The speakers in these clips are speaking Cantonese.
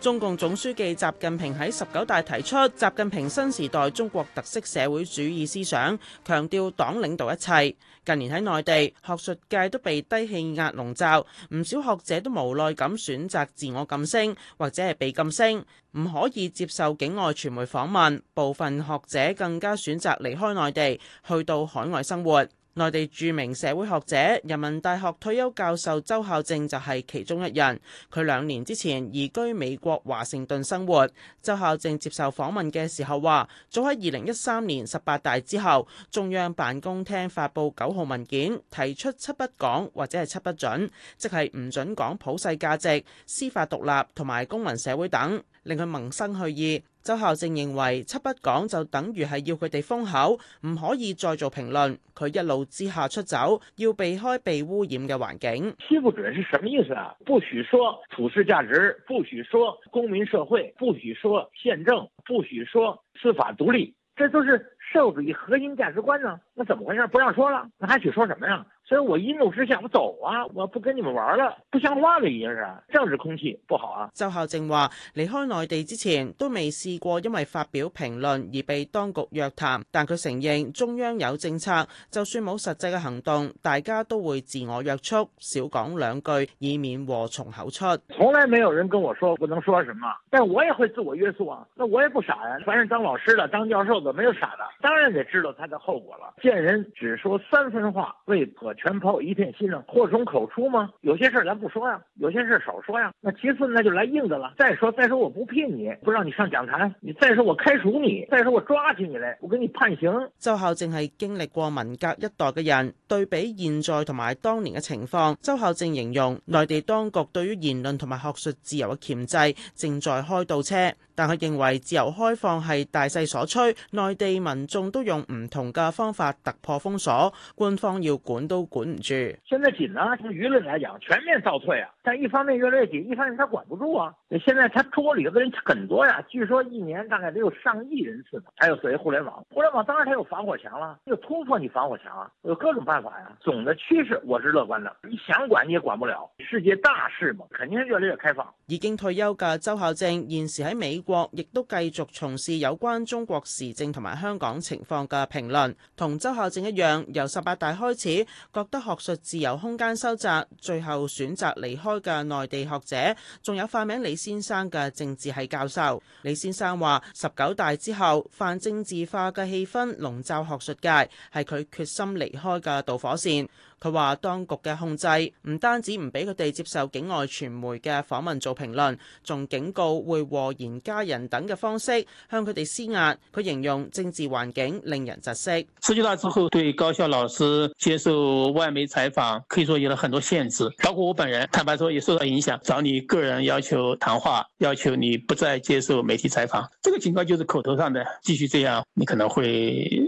中共總書記習近平喺十九大提出習近平新時代中國特色社會主義思想，強調黨領導一切。近年喺內地學術界都被低氣壓籠罩，唔少學者都無奈咁選擇自我禁聲或者係被禁聲，唔可以接受境外傳媒訪問，部分學者更加選擇離開內地，去到海外生活。內地著名社會學者、人民大學退休教授周孝正就係其中一人。佢兩年之前移居美國華盛頓生活。周孝正接受訪問嘅時候話，早喺二零一三年十八大之後，中央辦公廳發布九號文件，提出七不講或者係七不准，即係唔準講普世價值、司法獨立同埋公民社會等。令佢萌生去意，周孝正認為七不講就等於係要佢哋封口，唔可以再做評論。佢一怒之下出走，要避開被污染嘅環境。七不准是什麼意思啊？不許說普世價值，不許說公民社會，不許說憲政，不許說司法獨立，這都是社會主義核心價值觀呢、啊？那怎麼回事？不讓說了，那還許說什麼呀、啊？所以我一怒之下我走啊！我不跟你們玩了，不像話了，已經是政治空氣不好啊。周孝正話，離開內地之前都未試過，因為發表評論而被當局約談。但佢承認中央有政策，就算冇實際嘅行動，大家都會自我約束，少講兩句，以免禍從口出。從來沒有人跟我說不能說什麼，但我也會自我約束啊。那我也不傻呀、啊，凡是當老師的、當教授的，沒有傻的，當然得知道他的後果了。見人只說三分話，未可。全拋一片心上，禍從口出嗎？有些事咱不說呀、啊，有些事少說呀、啊。那其次，那就來硬的了。再說，再說我不聘你，不讓你上講壇。你再說，我開除你。再說，我抓起你來，我給你判刑。周孝正係經歷過文革一代嘅人，對比現在同埋當年嘅情況，周孝正形容內地當局對於言論同埋學術自由嘅鉗制正在開倒車。但佢認為自由開放係大勢所趨，內地民眾都用唔同嘅方法突破封鎖，官方要管都管唔住。現在緊呢從輿論來講，全面倒退啊！但一方面越來越緊，一方面他管不住啊！現在他中國裏頭人很多呀，據說一年大概得有上億人次。還有所謂互聯網，互聯網當然佢有防火牆啦，又突破你防火牆啊，有各種辦法呀。總的趨勢我是樂觀的，你想管你也管不了，世界大事嘛，肯定是越來越開放。已經退休嘅周孝正現時喺美國亦都繼續從事有關中國時政同埋香港情況嘅評論，同周孝正一樣，由十八大開始覺得學術自由空間收窄，最後選擇離開嘅內地學者，仲有化名李先生嘅政治系教授。李先生話：十九大之後，泛政治化嘅氣氛籠罩學術界，係佢決心離開嘅導火線。佢話：當局嘅控制唔單止唔俾佢哋接受境外傳媒嘅訪問做評論，仲警告會和言家人等嘅方式向佢哋施壓。佢形容政治環境令人窒息。十九大之後，對高校老師接受外媒採訪，可以說有了很多限制，包括我本人坦白說也受到影響。找你個人要求談話，要求你不再接受媒體採訪，這個情況就是口頭上的。繼續這樣，你可能會。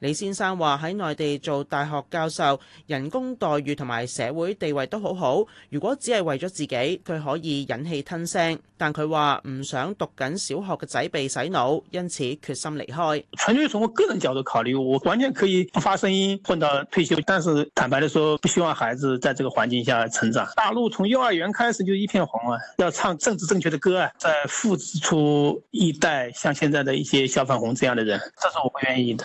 李先生話喺內地做大學教授，人工待遇同埋社會地位都好好。如果只係為咗自己，佢可以忍氣吞聲，但佢話唔想讀緊小學嘅仔被洗腦，因此決心離開。純粹從我個人角度考慮，我完全可以不發聲音混到退休，但是坦白的說，不希望孩子在這個環境下成長。大陸從幼兒園開始就一片紅啊，要唱政治正確嘅歌啊，再復出一代像現在的一些小粉紅這樣的人，這是我不願意嘅。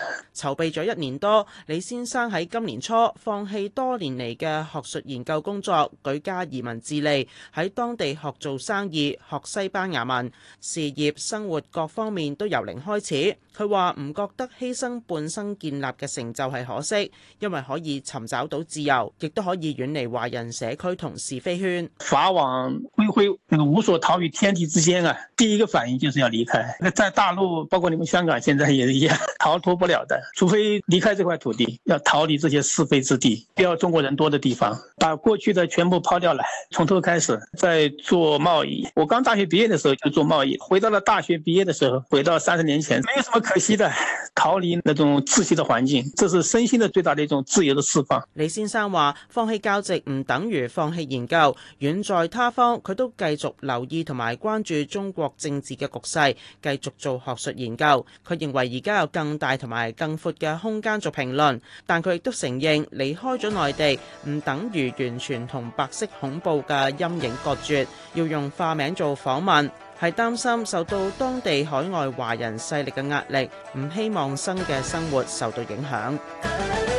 備咗一年多，李先生喺今年初放棄多年嚟嘅學術研究工作，舉家移民智利，喺當地學做生意、學西班牙文，事業、生活各方面都由零開始。佢話唔覺得犧牲半生建立嘅成就係可惜，因為可以尋找到自由，亦都可以遠離華人社區同是非圈。法網恢恢，無所逃於天地之間啊！第一個反應就是要離開。在大陸，包括你們香港，現在也一樣，逃脱不了的，非離開這塊土地，要逃離這些是非之地，不要中國人多的地方，把過去的全部拋掉了，從頭開始再做貿易。我剛大學畢業的時候就做貿易，回到了大學畢業的時候，回到三十年前，沒有什麼可惜的，逃離那種窒息的環境，這是身心的最大的一種自由的釋放。李先生話，放棄教職唔等於放棄研究，遠在他方，佢都繼續留意同埋關注中國政治嘅局勢，繼續做學術研究。佢認為而家有更大同埋更闊。嘅空間做評論，但佢亦都承認離開咗內地唔等於完全同白色恐怖嘅陰影割絕，要用化名做訪問，係擔心受到當地海外華人勢力嘅壓力，唔希望新嘅生活受到影響。